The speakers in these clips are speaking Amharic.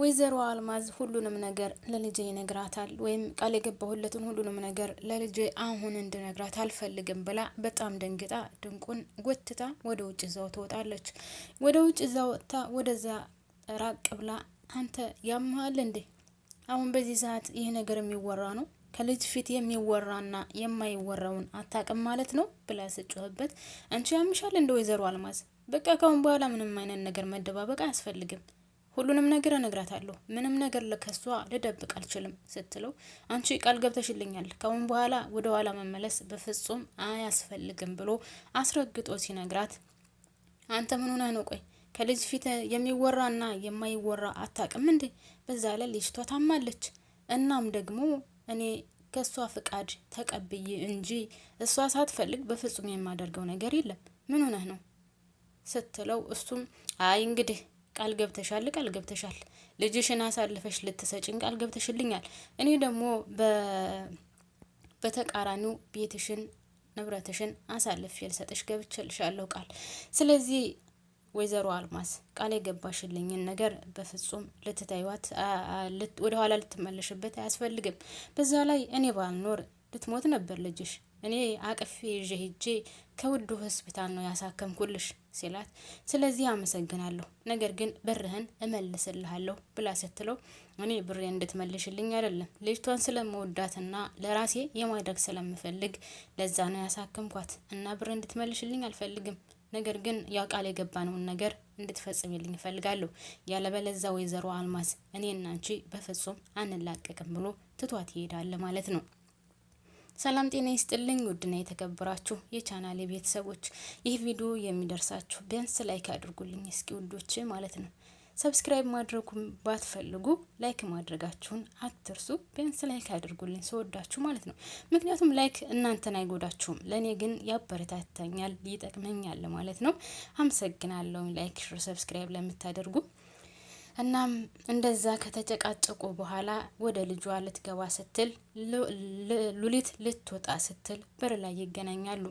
ወይዘሮ አልማዝ ሁሉንም ነገር ለልጄ ይነግራታል ወይም ቃል የገባሁለትን ሁሉንም ነገር ለልጄ አሁን እንድነግራት አልፈልግም ብላ በጣም ደንግጣ ድንቁን ጎትታ ወደ ውጭ እዛው ትወጣለች። ወደ ውጭ እዛ ወጥታ ወደዛ ራቅ ብላ አንተ ያምሃል እንዴ? አሁን በዚህ ሰዓት ይህ ነገር የሚወራ ነው ከልጅ ፊት የሚወራና የማይወራውን አታቅም ማለት ነው ብላ ስጮህበት፣ አንቺ ያምሻል እንደ ወይዘሮ አልማዝ በቃ ካሁን በኋላ ምንም አይነት ነገር መደባበቅ አያስፈልግም ሁሉንም ነገር እነግራታለሁ፣ ምንም ነገር ከሷ ልደብቅ አልችልም ስትለው አንቺ ቃል ገብተሽልኛል፣ ከአሁን በኋላ ወደ ኋላ መመለስ በፍጹም አያስፈልግም ብሎ አስረግጦ ሲነግራት አንተ ምን ሆነህ ነው? ቆይ ከልጅ ፊት የሚወራና የማይወራ አታውቅም እንዴ? በዛ ላይ ልጅቷ ታማለች። እናም ደግሞ እኔ ከእሷ ፍቃድ ተቀብዬ እንጂ እሷ ሳትፈልግ በፍጹም የማደርገው ነገር የለም። ምን ሆነህ ነው ስትለው እሱም አይ እንግዲህ ቃል ገብተሻል፣ ቃል ገብተሻል፣ ልጅሽን አሳልፈሽ ልትሰጭን ቃል ገብተሽልኛል። እኔ ደግሞ በተቃራኒው ቤትሽን ንብረትሽን አሳልፌ ልሰጥሽ ገብቼልሻለሁ ቃል። ስለዚህ ወይዘሮ አልማዝ ቃል የገባሽልኝን ነገር በፍጹም ልትታይዋት ወደኋላ ልትመለሽበት አያስፈልግም። በዛ ላይ እኔ ባልኖር ልትሞት ነበር ልጅሽ። እኔ አቅፌ ይዤ ሄጄ ከውዱ ሆስፒታል ነው ያሳከምኩልሽ ሲላት፣ ስለዚህ አመሰግናለሁ፣ ነገር ግን ብርህን እመልስልሃለሁ ብላ ስትለው፣ እኔ ብሬ እንድትመልሽልኝ አይደለም ልጅቷን ስለመወዳትና ለራሴ የማድረግ ስለምፈልግ ለዛ ነው ያሳከምኳት እና ብር እንድትመልሽልኝ አልፈልግም ነገር ግን ያ ቃል የገባነውን ነገር እንድትፈጽምልኝ እፈልጋለሁ። ያለበለዛ ወይዘሮ አልማዝ እኔና አንቺ በፍጹም አንላቀቅም ብሎ ትቷት ይሄዳል ማለት ነው። ሰላም ጤና ይስጥልኝ። ውድና የተከበራችሁ የቻናሌ ቤተሰቦች ይህ ቪዲዮ የሚደርሳችሁ ቢያንስ ላይክ አድርጉልኝ እስኪ ውዶች ማለት ነው። ሰብስክራይብ ማድረጉን ባትፈልጉ ላይክ ማድረጋችሁን አትርሱ። ቢያንስ ላይክ አድርጉልኝ ስወዳችሁ ማለት ነው። ምክንያቱም ላይክ እናንተን አይጎዳችሁም፣ ለእኔ ግን ያበረታታኛል፣ ይጠቅመኛል ማለት ነው። አመሰግናለሁ ላይክ፣ ሰብስክራይብ ለምታደርጉ እናም እንደዛ ከተጨቃጨቁ በኋላ ወደ ልጇ ልትገባ ስትል ሉሊት ልትወጣ ስትል በር ላይ ይገናኛሉ።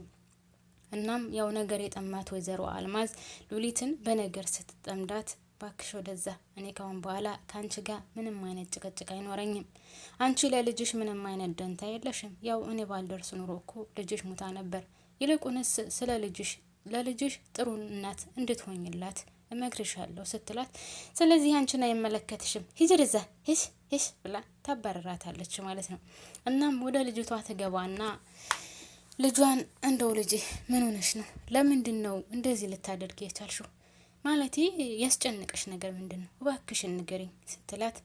እናም ያው ነገር የጠማት ወይዘሮ አልማዝ ሉሊትን በነገር ስትጠምዳት ባክሽ ወደዛ፣ እኔ ካሁን በኋላ ከአንቺ ጋር ምንም አይነት ጭቅጭቅ አይኖረኝም። አንቺ ለልጅሽ ምንም አይነት ደንታ የለሽም። ያው እኔ ባልደርስ ኑሮ እኮ ልጅሽ ሙታ ነበር። ይልቁንስ ስለ ልጅሽ ለልጅሽ ጥሩ እናት እንድትሆኝላት እመክርሻለሁ ስትላት፣ ስለዚህ አንቺን አይመለከትሽም ሂጂ እዛ ሂሽ ሂሽ ብላ ታባረራታለች ማለት ነው። እናም ወደ ልጅቷ ትገባና ልጇን እንደው ልጅ ምን ሆነሽ ነው? ለምንድን ነው እንደዚህ ልታደርግ የቻልሽው? ማለት ያስጨንቀሽ ነገር ምንድን ነው? እባክሽን ንገሪኝ ስትላት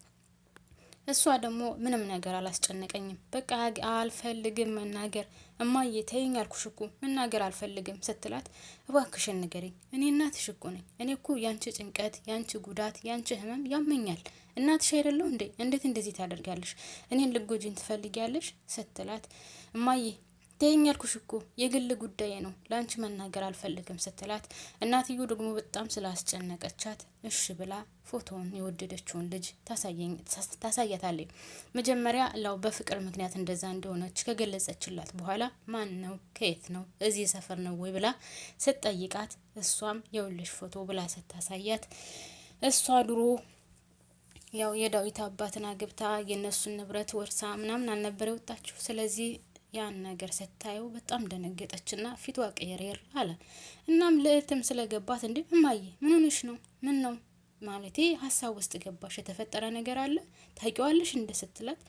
እሷ ደግሞ ምንም ነገር አላስጨነቀኝም፣ በቃ አልፈልግም መናገር እማዬ ተይኝ አልኩሽ እኮ መናገር አልፈልግም ስትላት፣ እባክሽን ንገሪኝ፣ እኔ እናትሽ እኮ ነኝ። እኔ እኮ ያንቺ ጭንቀት፣ ያንቺ ጉዳት፣ ያንቺ ህመም ያመኛል። እናትሽ አይደለሁ እንዴ? እንዴት እንደዚህ ታደርጋለሽ? እኔን ልጎጂኝ ትፈልጊያለሽ? ስትላት እማዬ ተይኝ ያልኩሽ እኮ የግል ጉዳይ ነው ለአንቺ መናገር አልፈልግም ስትላት፣ እናትዮ ደግሞ በጣም ስላስጨነቀቻት እሺ ብላ ፎቶውን የወደደችውን ልጅ ታሳያታለች። መጀመሪያ ላው በፍቅር ምክንያት እንደዛ እንደሆነች ከገለጸችላት በኋላ ማን ነው ከየት ነው እዚህ ሰፈር ነው ወይ ብላ ስትጠይቃት፣ እሷም የውልሽ ፎቶ ብላ ስታሳያት እሷ ድሮ ያው የዳዊት አባትን አግብታ የእነሱን ንብረት ወርሳ ምናምን አልነበረ የወጣችሁ። ስለዚህ ያን ነገር ስታየው በጣም ደነገጠችና ፊቷ ቀየር አለ። እናም ልዕልትም ስለገባት እንዴ እማዬ ምን ሆነሽ ነው? ምን ነው ማለቴ ሀሳብ ውስጥ ገባሽ? የተፈጠረ ነገር አለ ታውቂዋለሽ? እንደ ስትላት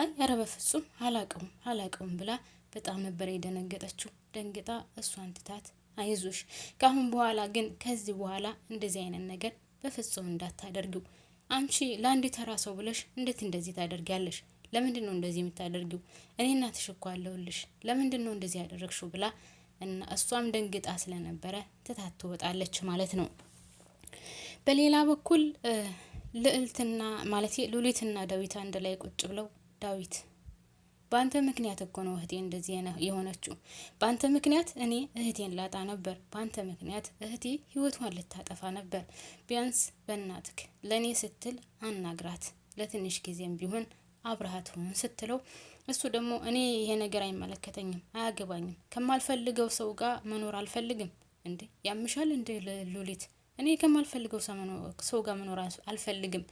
አይ ኧረ በፍጹም አላውቀውም አላውቀውም ብላ በጣም ነበር የደነገጠችው። ደንግጣ እሷን ትታት አይዞሽ፣ ከአሁን በኋላ ግን ከዚህ በኋላ እንደዚህ አይነት ነገር በፍጹም እንዳታደርጊው። አንቺ ለአንድ ተራ ሰው ብለሽ እንዴት እንደዚህ ታደርጊያለሽ? ለምንድን ነው እንደዚህ የምታደርጊው? እኔ እናትሽ እኮ አለሁልሽ። ለምንድን ነው እንደዚህ ያደረግሽው? ብላ እና እሷም ደንግጣ ስለነበረ ትታት ትወጣለች ማለት ነው። በሌላ በኩል ልዕልትና ማለት ሉሊትና ዳዊት አንድ ላይ ቁጭ ብለው ዳዊት በአንተ ምክንያት እኮ ነው እህቴ እንደዚህ የሆነችው። በአንተ ምክንያት እኔ እህቴን ላጣ ነበር። በአንተ ምክንያት እህቴ ህይወቷን ልታጠፋ ነበር። ቢያንስ በእናትክ ለእኔ ስትል አናግራት፣ ለትንሽ ጊዜም ቢሆን አብረሃት ስትለው እሱ ደግሞ እኔ ይሄ ነገር አይመለከተኝም፣ አያገባኝም፣ ከማልፈልገው ሰው ጋር መኖር አልፈልግም። እንዴ ያምሻል እንዴ ሉሊት? እኔ ከማልፈልገው ሰው ጋር መኖር አልፈልግም።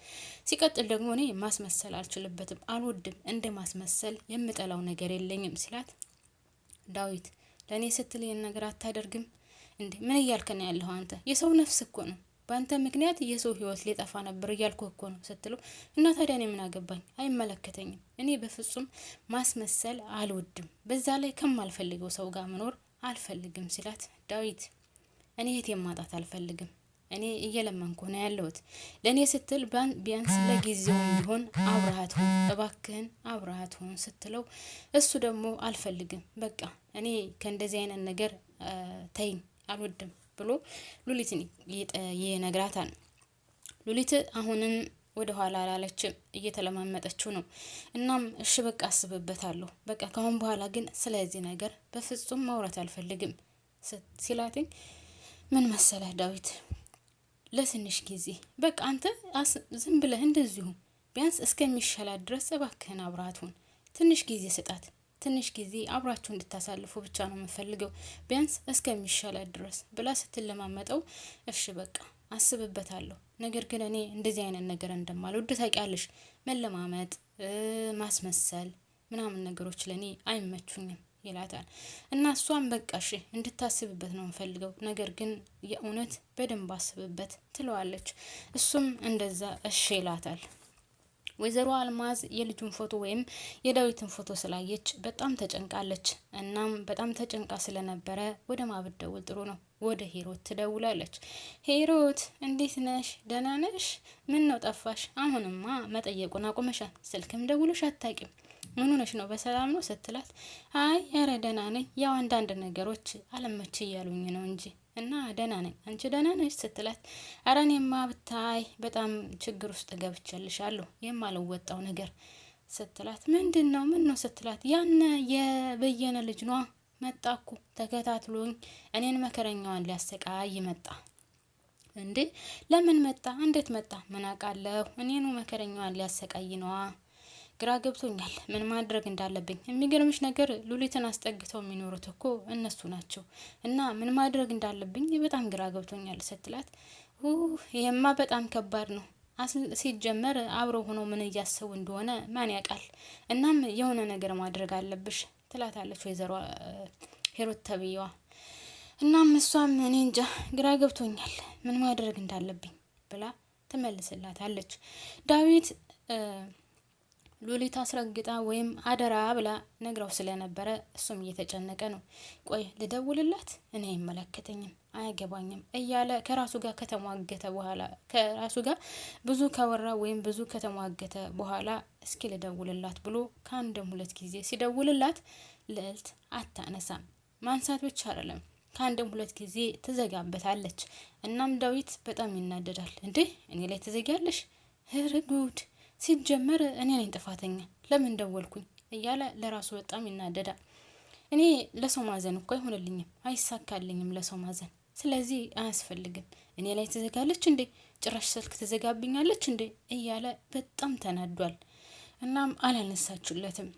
ሲቀጥል ደግሞ እኔ ማስመሰል አልችልበትም፣ አልወድም። እንደ ማስመሰል የምጠላው ነገር የለኝም ሲላት ዳዊት ለእኔ ስትል ይህን ነገር አታደርግም እንዴ? ምን እያልከ ነው አንተ? የሰው ነፍስ እኮ ነው በአንተ ምክንያት የሰው ህይወት ሊጠፋ ነበር እያልኩ እኮ ነው ስትለው እና ታዲያ እኔ ምን አገባኝ? አይመለከተኝም። እኔ በፍጹም ማስመሰል አልወድም። በዛ ላይ ከማልፈልገው ሰው ጋር መኖር አልፈልግም ሲላት ዳዊት እኔ የት ማጣት አልፈልግም። እኔ እየለመንኩ ነው ያለሁት። ለእኔ ስትል ቢያንስ ለጊዜው ቢሆን አብረሃት ሁን፣ እባክህን አብረሃት ሁን ስትለው እሱ ደግሞ አልፈልግም፣ በቃ እኔ ከእንደዚህ አይነት ነገር ተይኝ፣ አልወድም ብሎ ሉሊትን ይነግራታል። ሉሊት አሁንም ወደ ኋላ አላለችም፣ እየተለማመጠችው ነው። እናም እሺ በቃ አስብበታለሁ፣ በቃ ከአሁን በኋላ ግን ስለዚህ ነገር በፍጹም ማውራት አልፈልግም ሲላትኝ ምን መሰለህ ዳዊት፣ ለትንሽ ጊዜ በቃ አንተ ዝም ብለህ እንደዚሁ ቢያንስ እስከሚሻላት ድረስ እባክህን አብረሃት ሁን፣ ትንሽ ጊዜ ስጣት ትንሽ ጊዜ አብራችሁ እንድታሳልፉ ብቻ ነው የምፈልገው ቢያንስ እስከሚሻላት ድረስ ብላ ስትለማመጠው፣ እሺ በቃ አስብበታለሁ፣ ነገር ግን እኔ እንደዚህ አይነት ነገር እንደማልወድ ታውቂያለሽ። መለማመጥ፣ ማስመሰል ምናምን ነገሮች ለእኔ አይመቹኝም ይላታል። እና እሷም በቃ እሺ እንድታስብበት ነው የምፈልገው፣ ነገር ግን የእውነት በደንብ አስብበት ትለዋለች። እሱም እንደዛ እሺ ይላታል። ወይዘሮ አልማዝ የልጁን ፎቶ ወይም የዳዊትን ፎቶ ስላየች በጣም ተጨንቃለች። እናም በጣም ተጨንቃ ስለነበረ ወደ ማብት ደውል ጥሩ ነው። ወደ ሄሮት ትደውላለች። ሄሮት እንዴት ነሽ? ደህና ነሽ? ምን ነው ጠፋሽ? አሁንማ መጠየቁን አቁመሻል፣ ስልክም ደውሎሽ አታቂም ምን ሆነሽ ነው? በሰላም ነው ስትላት፣ አይ ኧረ ደህና ነኝ፣ ያው አንዳንድ ነገሮች አለመች እያሉኝ ነው እንጂ እና ደህና ነኝ። አንቺ ደህና ነሽ ስትላት፣ ኧረ እኔማ ብታይ በጣም ችግር ውስጥ ገብቼልሻለሁ የማልወጣው ነገር ስትላት፣ ምንድን ነው ምን ነው ስትላት፣ ያነ የበየነ ልጅ ኗ መጣኩ ተከታትሎኝ እኔን መከረኛዋን ሊያሰቃይ መጣ። እንዴ ለምን መጣ? እንዴት መጣ? ምን አውቃለሁ እኔኑ መከረኛዋን ሊያሰቃይ ነዋ ግራ ገብቶኛል፣ ምን ማድረግ እንዳለብኝ። የሚገርምሽ ነገር ሉሊትን አስጠግተው የሚኖሩት እኮ እነሱ ናቸው እና ምን ማድረግ እንዳለብኝ በጣም ግራ ገብቶኛል ስትላት፣ ይሄማ በጣም ከባድ ነው። ሲጀመር አብረው ሆኖ ምን እያሰቡ እንደሆነ ማን ያውቃል? እናም የሆነ ነገር ማድረግ አለብሽ ትላታለች ወይዘሮ ሄሮት ተብዬዋ። እናም እሷም እኔ እንጃ ግራ ገብቶኛል፣ ምን ማድረግ እንዳለብኝ ብላ ትመልስላታለች ዳዊት ሉሊት አስረግጣ ወይም አደራ ብላ ነግራው ስለነበረ እሱም እየተጨነቀ ነው። ቆይ ልደውልላት፣ እኔ አይመለከተኝም፣ አያገባኝም እያለ ከራሱ ጋር ከተሟገተ በኋላ ከራሱ ጋር ብዙ ከወራ ወይም ብዙ ከተሟገተ በኋላ እስኪ ልደውልላት ብሎ ከአንድም ሁለት ጊዜ ሲደውልላት ልዕልት አታነሳም። ማንሳት ብቻ አይደለም ከአንድም ሁለት ጊዜ ትዘጋበታለች። እናም ዳዊት በጣም ይናደዳል። እንዴ እኔ ላይ ትዘጊያለሽ? ኧረ ጉድ ሲጀመር እኔ ነኝ ጥፋተኛ ለምን ደወልኩኝ እያለ ለራሱ በጣም ይናደዳል። እኔ ለሰው ማዘን እኮ አይሆንልኝም፣ አይሳካልኝም ለሰው ማዘን። ስለዚህ አያስፈልግም። እኔ ላይ ትዘጋለች እንዴ? ጭራሽ ስልክ ትዘጋብኛለች እንዴ? እያለ በጣም ተናዷል። እናም አላነሳችሁለትም።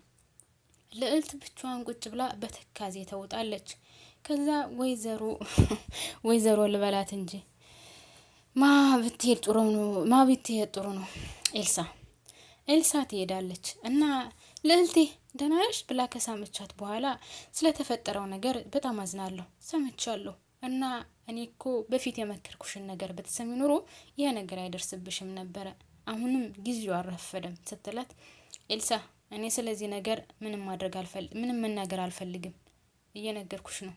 ልዕልት ብቻዋን ቁጭ ብላ በትካዜ ተውጣለች። ከዛ ወይዘሮ ወይዘሮ ልበላት እንጂ ማ ብትሄድ ጥሩ ነው፣ ማ ብትሄድ ጥሩ ነው ኤልሳ ኤልሳ ትሄዳለች እና ልዕልቴ ደህና ነሽ ብላ ከሳመቻት በኋላ ስለተፈጠረው ነገር በጣም አዝናለሁ፣ ሰምቻለሁ እና እኔ እኮ በፊት የመከርኩሽን ነገር ብትሰሚ ኑሮ ይህ ነገር አይደርስብሽም ነበረ። አሁንም ጊዜው አረፈደም ስትላት ኤልሳ እኔ ስለዚህ ነገር ምንም ማድረግ ምንም መናገር አልፈልግም፣ እየነገርኩሽ ነው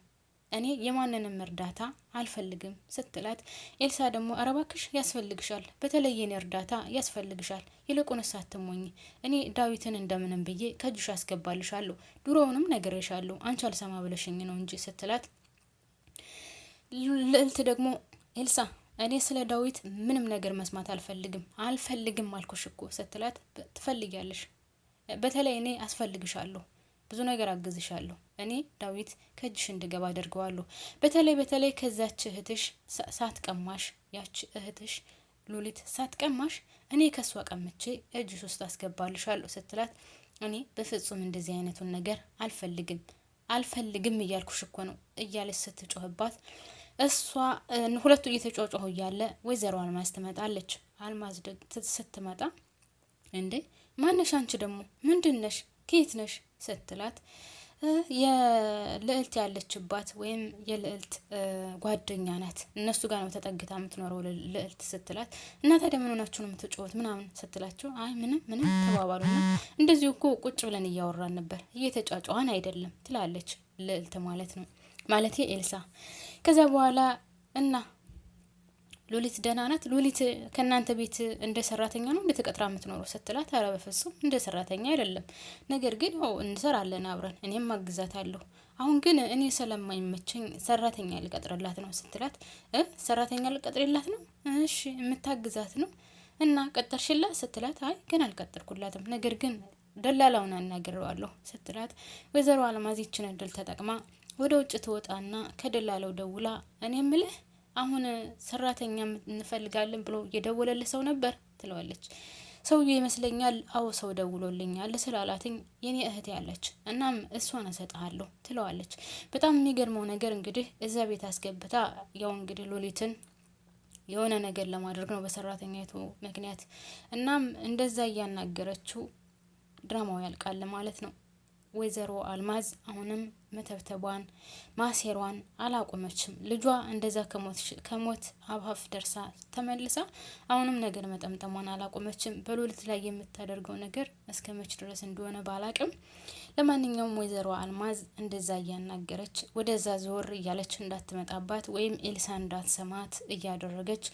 እኔ የማንንም እርዳታ አልፈልግም ስትላት፣ ኤልሳ ደግሞ አረባክሽ ያስፈልግሻል፣ በተለይ የኔ እርዳታ ያስፈልግሻል። ይልቁን ሳትሞኝ እኔ ዳዊትን እንደምንም ብዬ ከእጅሽ አስገባልሻለሁ። ድሮውንም ነግሬሻለሁ፣ አንቺ አልሰማ ብለሽኝ ነው እንጂ ስትላት፣ ልዕልት ደግሞ ኤልሳ እኔ ስለ ዳዊት ምንም ነገር መስማት አልፈልግም አልፈልግም አልኩሽ እኮ ስትላት፣ ትፈልጊያለሽ፣ በተለይ እኔ አስፈልግሻለሁ፣ ብዙ ነገር አግዝሻለሁ እኔ ዳዊት ከእጅሽ እንድገባ አድርገዋለሁ። በተለይ በተለይ ከዛች እህትሽ ሳትቀማሽ ያች እህትሽ ሉሊት ሳትቀማሽ እኔ ከእሷ ቀምቼ እጅሽ ውስጥ አስገባልሻለሁ ስትላት፣ እኔ በፍጹም እንደዚህ አይነቱን ነገር አልፈልግም አልፈልግም እያልኩሽ እኮ ነው እያለች ስትጮህባት እሷ ሁለቱ እየተጮጮሁ እያለ ወይዘሮ አልማዝ ትመጣለች። አልማዝ ስትመጣ እንዴ ማነሽ አንቺ ደግሞ ምንድን ነሽ? ከየት ነሽ? ስትላት የልዕልት ያለችባት ወይም የልዕልት ጓደኛ ናት። እነሱ ጋር ነው ተጠግታ የምትኖረው ልዕልት ስትላት እናታ ደግሞ ምን ሆናችሁ ነው ምናምን ስትላቸው አይ ምንም ምንም ና እንደዚሁ እኮ ቁጭ ብለን እያወራን ነበር እየተጫጫዋን አይደለም ትላለች ልዕልት ማለት ነው ማለት ኤልሳ ከዚያ በኋላ እና ሉሊት ደህና ናት? ሉሊት ከእናንተ ቤት እንደ ሰራተኛ ነው እንደ ተቀጥራ የምትኖረው ስትላት፣ አረ በፍጹም እንደ ሰራተኛ አይደለም። ነገር ግን ያው እንሰራለን አብረን፣ እኔም አግዛታለሁ። አሁን ግን እኔ ስለማይመቸኝ ሰራተኛ ልቀጥርላት ነው ስትላት፣ ሰራተኛ ልቀጥርላት ነው? እሺ የምታግዛት ነው እና ቀጠርሽላት ስትላት፣ አይ ግን አልቀጠርኩላትም፣ ነገር ግን ደላላውን አናግረዋለሁ ስትላት፣ ወይዘሮ አልማዝ ይችን እድል ተጠቅማ ወደ ውጭ ትወጣና ከደላላው ደውላ እኔ ምልህ አሁን ሰራተኛ እንፈልጋለን ብሎ የደወለልህ ሰው ነበር ትለዋለች። ሰውዬ ይመስለኛል አዎ ሰው ደውሎልኛል ስላላትኝ የኔ እህት ያለች እናም እሷን እሰጥሃለሁ ትለዋለች። በጣም የሚገርመው ነገር እንግዲህ እዛ ቤት አስገብታ ያው እንግዲህ ሎሊትን የሆነ ነገር ለማድረግ ነው በሰራተኛቱ ምክንያት። እናም እንደዛ እያናገረችው ድራማው ያልቃል ማለት ነው። ወይዘሮ አልማዝ አሁንም መተብተቧን ማሴሯን አላቆመችም። ልጇ እንደዛ ከሞት አፋፍ ደርሳ ተመልሳ አሁንም ነገር መጠምጠሟን አላቆመችም። በሎሊት ላይ የምታደርገው ነገር እስከ መች ድረስ እንደሆነ ባላቅም፣ ለማንኛውም ወይዘሮ አልማዝ እንደዛ እያናገረች ወደዛ ዞር እያለች እንዳትመጣባት ወይም ኤልሳ እንዳትሰማት እያደረገች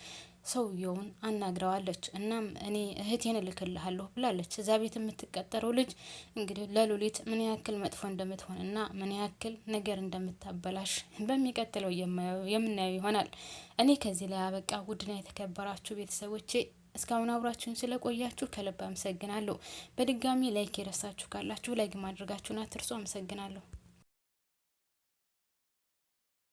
ሰውየውን አናግረዋለች። እናም እኔ እህቴን እልክልሃለሁ ብላለች። እዛ ቤት የምትቀጠረው ልጅ እንግዲህ ለሉሊት ምን ያክል መጥፎ እንደምትሆን እና ምን ያክል ነገር እንደምታበላሽ በሚቀጥለው የምናየው ይሆናል። እኔ ከዚህ ላይ አበቃ። ውድና የተከበራችሁ ቤተሰቦቼ እስካሁን አብራችሁን ስለቆያችሁ ከልብ አመሰግናለሁ። በድጋሚ ላይክ የረሳችሁ ካላችሁ ላይክ ማድረጋችሁን አትርሱ። አመሰግናለሁ።